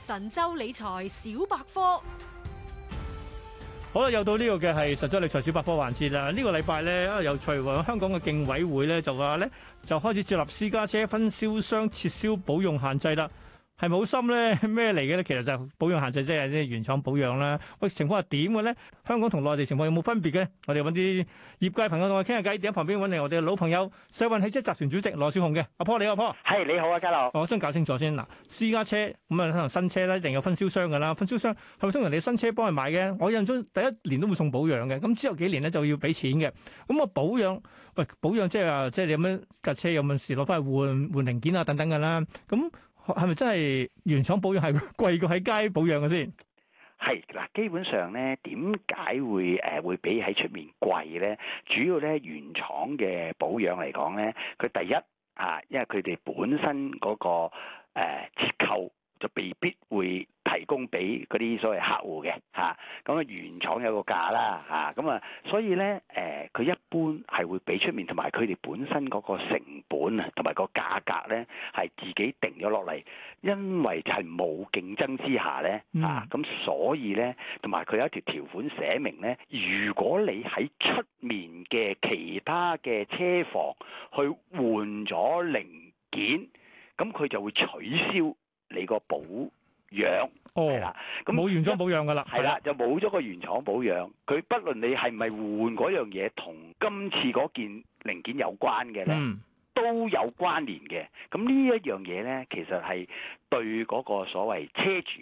神州理財小百科，好啦，又到呢個嘅係神州理財小百科環節啦。呢、這個禮拜咧，啊，由財香港嘅競委會咧就話咧就開始設立私家車分銷商撤銷保用限制啦。係冇心咧？咩嚟嘅咧？其實就係保養限制，即係啲原廠保養啦。喂，情況係點嘅咧？香港同內地情況有冇分別嘅，我哋揾啲業界朋友同我傾下偈。點樣旁邊揾嚟？我哋老朋友世運汽車集團主席羅少雄嘅。阿婆，你好阿婆係、hey, 你好啊，家樂。我想搞清楚先嗱，私家車咁啊，可能新車咧，一定有分銷商嘅啦。分銷商係咪通常你新車幫佢買嘅？我印象中第一年都會送保養嘅。咁之後幾年咧就要俾錢嘅。咁啊保養，喂保養，即係話即係有咩架車有冇事攞翻去換換零件啊等等嘅啦。咁係咪真係原廠保養係貴過喺街保養嘅先？係嗱，基本上咧，點解會誒、呃、會比喺出面貴咧？主要咧，原廠嘅保養嚟講咧，佢第一啊，因為佢哋本身嗰、那個誒折扣。呃就未必會提供俾嗰啲所謂客戶嘅嚇，咁啊原廠有個價啦嚇，咁啊所以咧誒，佢一般係會俾出面同埋佢哋本身嗰個成本啊，同埋個價格咧係自己定咗落嚟，因為就係冇競爭之下咧嚇，咁所以咧同埋佢有一條條款寫明咧，如果你喺出面嘅其他嘅車房去換咗零件，咁佢就會取消。你個保養係啦，咁冇原裝保養噶啦，係啦的，的就冇咗個原廠保養。佢的不論你係唔係換嗰樣嘢同今次嗰件零件有關嘅咧，嗯、都有關聯嘅。咁呢一樣嘢咧，其實係對嗰個所謂車主。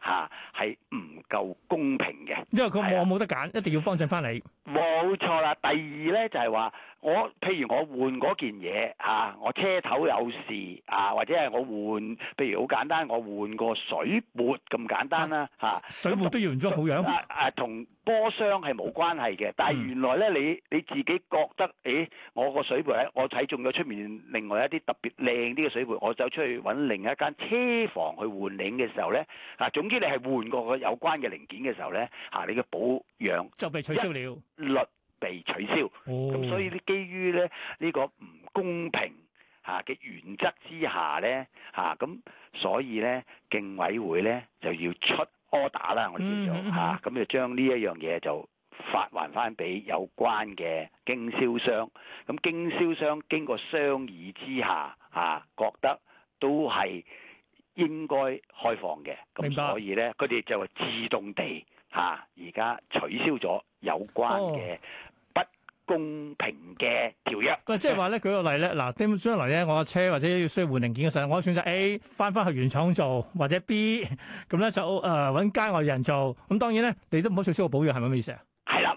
吓係唔夠公平嘅，因為佢我冇得揀，一定要幫襯翻嚟。冇錯啦。第二咧就係話，我譬如我換嗰件嘢吓，我車頭有事啊，或者係我換，譬如好簡單，我換個水撥咁簡單啦吓，水撥都要換咗保養。誒誒，同波箱係冇關係嘅。但係原來咧，你你自己覺得誒，我個水撥咧，我睇中咗出面另外一啲特別靚啲嘅水撥，我走出去揾另一間車房去換領嘅時候咧吓總。總之你係換過個有關嘅零件嘅時候咧，嚇你嘅保養就被取消了，一率被取消。咁所以基於咧呢個唔公平嚇嘅原則之下咧，嚇咁所以咧競委會咧就要出 order 啦，我叫做嚇，咁就將呢一樣嘢就發還翻俾有關嘅經銷商。咁經銷商經過商議之下嚇，覺得都係。應該開放嘅，咁所以咧，佢哋白就自動地嚇，而、啊、家取消咗有關嘅不公平嘅條約。唔即係話咧，舉個例咧，嗱點將來咧，我架車或者要需要換零件嘅時候，我選擇 A 返返去原廠做，或者 B 咁咧就誒搵、呃、街外人做。咁當然咧，你都唔好取消個保養，係咪咁意思啊？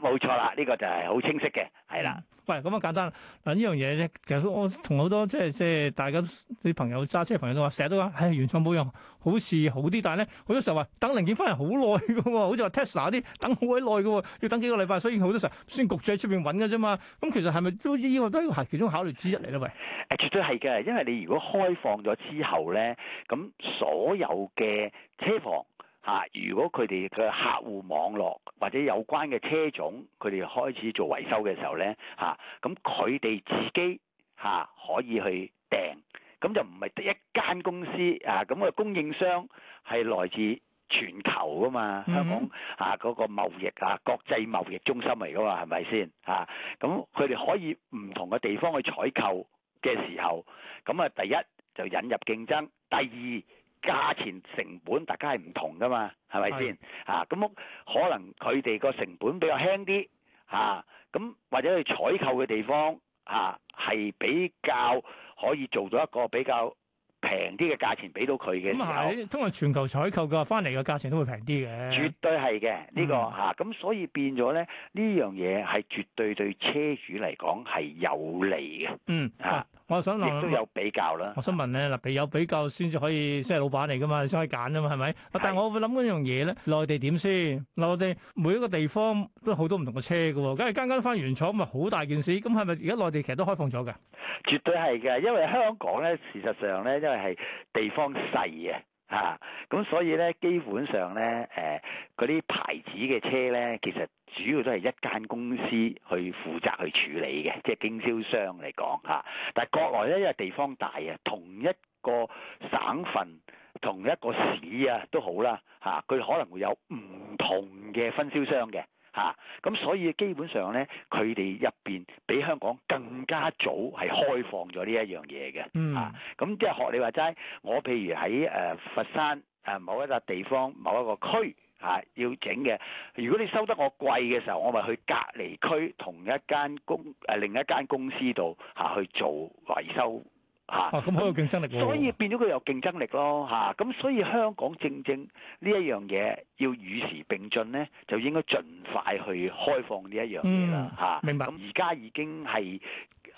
冇錯啦，呢個就係好清晰嘅，係啦。喂，咁啊簡單。嗱，呢樣嘢咧，其實我同好多即係即係大家啲朋友揸車朋友都話，成日都話，唉，原廠保用，好似好啲，但係咧好多時候話等零件翻嚟好耐嘅喎，好似話 Tesla 啲等好鬼耐嘅喎，要等幾個禮拜，所以好多時候先焗住喺出邊揾嘅啫嘛。咁其實係咪都呢個都係其中考慮之一嚟咧？喂，誒，絕對係嘅，因為你如果開放咗之後咧，咁所有嘅車房。啊！如果佢哋嘅客戶網絡或者有關嘅車種，佢哋開始做維修嘅時候咧，嚇咁佢哋自己嚇可以去訂，咁就唔係得一間公司啊！咁個供應商係來自全球㗎嘛，香港嚇嗰個貿易啊，國際貿易中心嚟㗎嘛，係咪先？嚇咁佢哋可以唔同嘅地方去採購嘅時候，咁啊第一就引入競爭，第二。價錢成本大家係唔同噶嘛，係咪先嚇？咁的、啊、可能佢哋個成本比較輕啲嚇，咁、啊、或者佢採購嘅地方嚇係、啊、比較可以做到一個比較平啲嘅價錢俾到佢嘅。咁係，通過全球採購嘅返嚟嘅價錢都會平啲嘅。絕對係嘅，呢、呢個嚇，咁、嗯啊、所以變咗咧呢樣嘢係絕對對車主嚟講係有利嘅。嗯嚇。啊我想，想我想問，亦都有比較啦。我想問咧，嗱，有比較先至可以，即係老闆嚟噶嘛，先可以揀啊嘛，係咪？但係我會諗嗰樣嘢咧，內地點先？內地每一個地方都有好多唔同嘅車㗎喎，咁係間間翻原廠，咁咪好大件事。咁係咪而家內地其實都開放咗㗎？絕對係嘅，因為香港咧，事實上咧，因為係地方細嘅。嚇，咁、啊、所以咧，基本上咧，誒嗰啲牌子嘅車咧，其實主要都係一間公司去負責去處理嘅，即係經銷商嚟講嚇。但係國內咧，因為地方大啊，同一個省份、同一個市啊，都好啦嚇，佢、啊、可能會有唔同嘅分銷商嘅。嚇，咁、啊、所以基本上咧，佢哋入邊比香港更加早係開放咗呢一樣嘢嘅。嗯、啊，嚇，咁即係學你話齋，我譬如喺誒、呃、佛山誒、呃、某一笪地方某一個區嚇、啊、要整嘅，如果你收得我貴嘅時候，我咪去隔離區同一間公誒、呃、另一間公司度嚇、啊、去做維修。嚇！咁好、啊、有競爭力，所以變咗佢有競爭力咯，嚇、啊！咁所以香港正正呢一樣嘢要與時並進咧，就應該盡快去開放呢一樣嘢啦，嚇、嗯！啊、明白？咁而家已經係。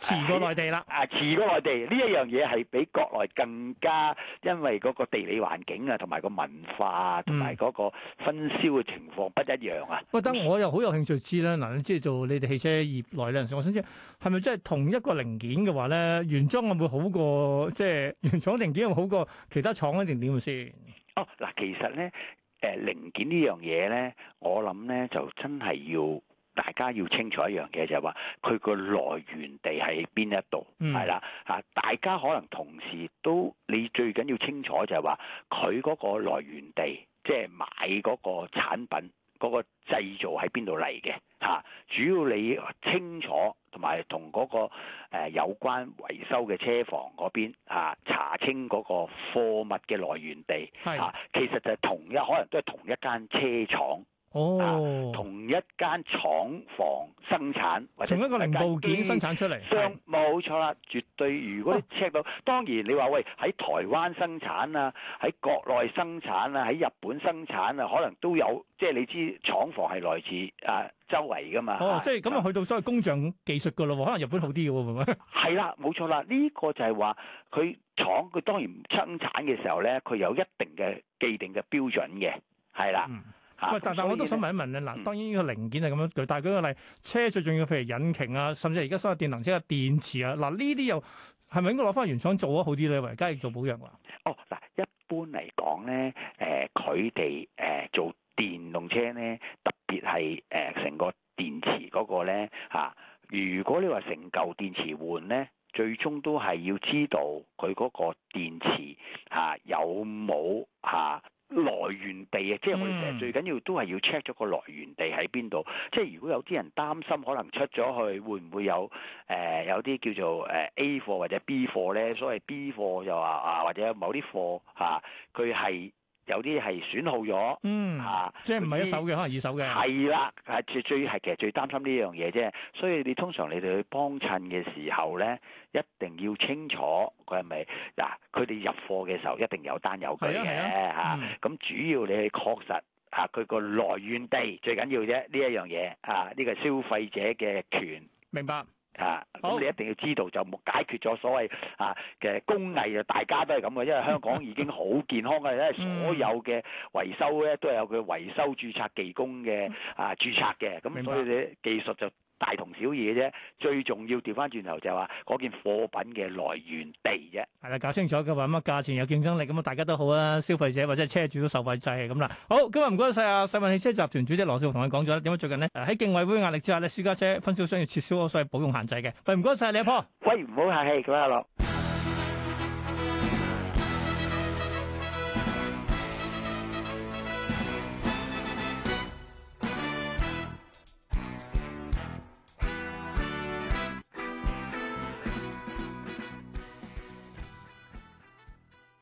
遲過內地啦，啊，遲過內地呢一樣嘢係比國內更加，因為嗰個地理環境啊，同埋個文化啊，同埋嗰個分銷嘅情況不一樣啊。喂、嗯，得我又好有興趣知啦，嗱、嗯，即係做你哋汽車業內咧，我想知係咪真係同一個零件嘅話咧，原裝會唔會好過即係原廠零件會好過其他廠一定點先？哦，嗱，其實咧，誒、呃，零件，件呢樣嘢咧，我諗咧就真係要。大家要清楚一樣嘢就係話佢個來源地喺邊一度，係啦吓，大家可能同時都，你最緊要清楚就係話佢嗰個來源地，即係買嗰個產品嗰個製造喺邊度嚟嘅吓，主要你清楚同埋同嗰個誒有關維修嘅車房嗰邊嚇，查清嗰個貨物嘅來源地吓是、啊，其實就係同一可能都係同一間車廠。哦，同一間廠房生產，同一個零部件生產出嚟，冇錯啦，絕對。如果 check 到，哦、當然你話喂，喺台灣生產啊，喺國內生產啊，喺日本生產啊，可能都有，即係你知廠房係來自啊周圍噶嘛。哦，即係咁啊，嗯、去到所謂工匠技術噶咯，可能日本好啲嘅喎，係咪、哦？係啦、嗯，冇錯啦，呢個就係話佢廠，佢當然唔生產嘅時候咧，佢有一定嘅既定嘅標準嘅，係啦。喂，但但我都想問一問咧，嗱、啊，當然呢個零件係咁樣，嗯、但係舉個例，車最重要譬如引擎啊，甚至而家所有電能車嘅電池啊，嗱呢啲又係咪應該攞翻原廠做啊，好啲咧，而家要做保養喎。哦，嗱，一般嚟講咧，誒佢哋誒做電動車咧，特別係誒成個電池嗰個咧嚇、啊，如果你話成嚿電池換咧，最終都係要知道佢嗰個電池嚇、啊、有冇嚇。啊來源地啊，即係我哋成日最緊要都係要 check 咗個來源地喺邊度。即係如果有啲人擔心，可能出咗去會唔會有誒、呃、有啲叫做誒 A 貨或者 B 貨咧？所謂 B 貨又話啊，或者某啲貨嚇佢係。啊有啲係損耗咗，嗯嚇，啊、即係唔係一手嘅，可能二手嘅，係啦，係最最係其實最擔心呢樣嘢啫。所以你通常你哋去幫襯嘅時候咧，一定要清楚佢係咪嗱，啊、佢哋入貨嘅時候一定有單有據嘅嚇。咁主要你係確實啊，佢個來源地最緊要啫。呢一樣嘢啊，呢個消費者嘅權，明白啊。咁好你一定要知道，就解決咗所謂啊嘅工藝啊，大家都係咁嘅，因為香港已經好健康嘅，因為 所有嘅維修咧都係有佢維修註冊技工嘅啊註冊嘅，咁所以你技術就。大同小異嘅啫，最重要調翻轉頭就係話嗰件貨品嘅來源地啫。係啦，搞清楚咁啊，價錢有競爭力咁啊，大家都好啊，消費者或者係車主都受惠制嘅咁啦。好，今日唔該曬啊，世運汽車集團主席羅少同你講咗啦，點解最近咧喺競委會壓力之下咧，私家車分銷商要撤銷所以保用限制嘅。喂，唔該晒你阿婆。喂，唔好客氣，講阿落。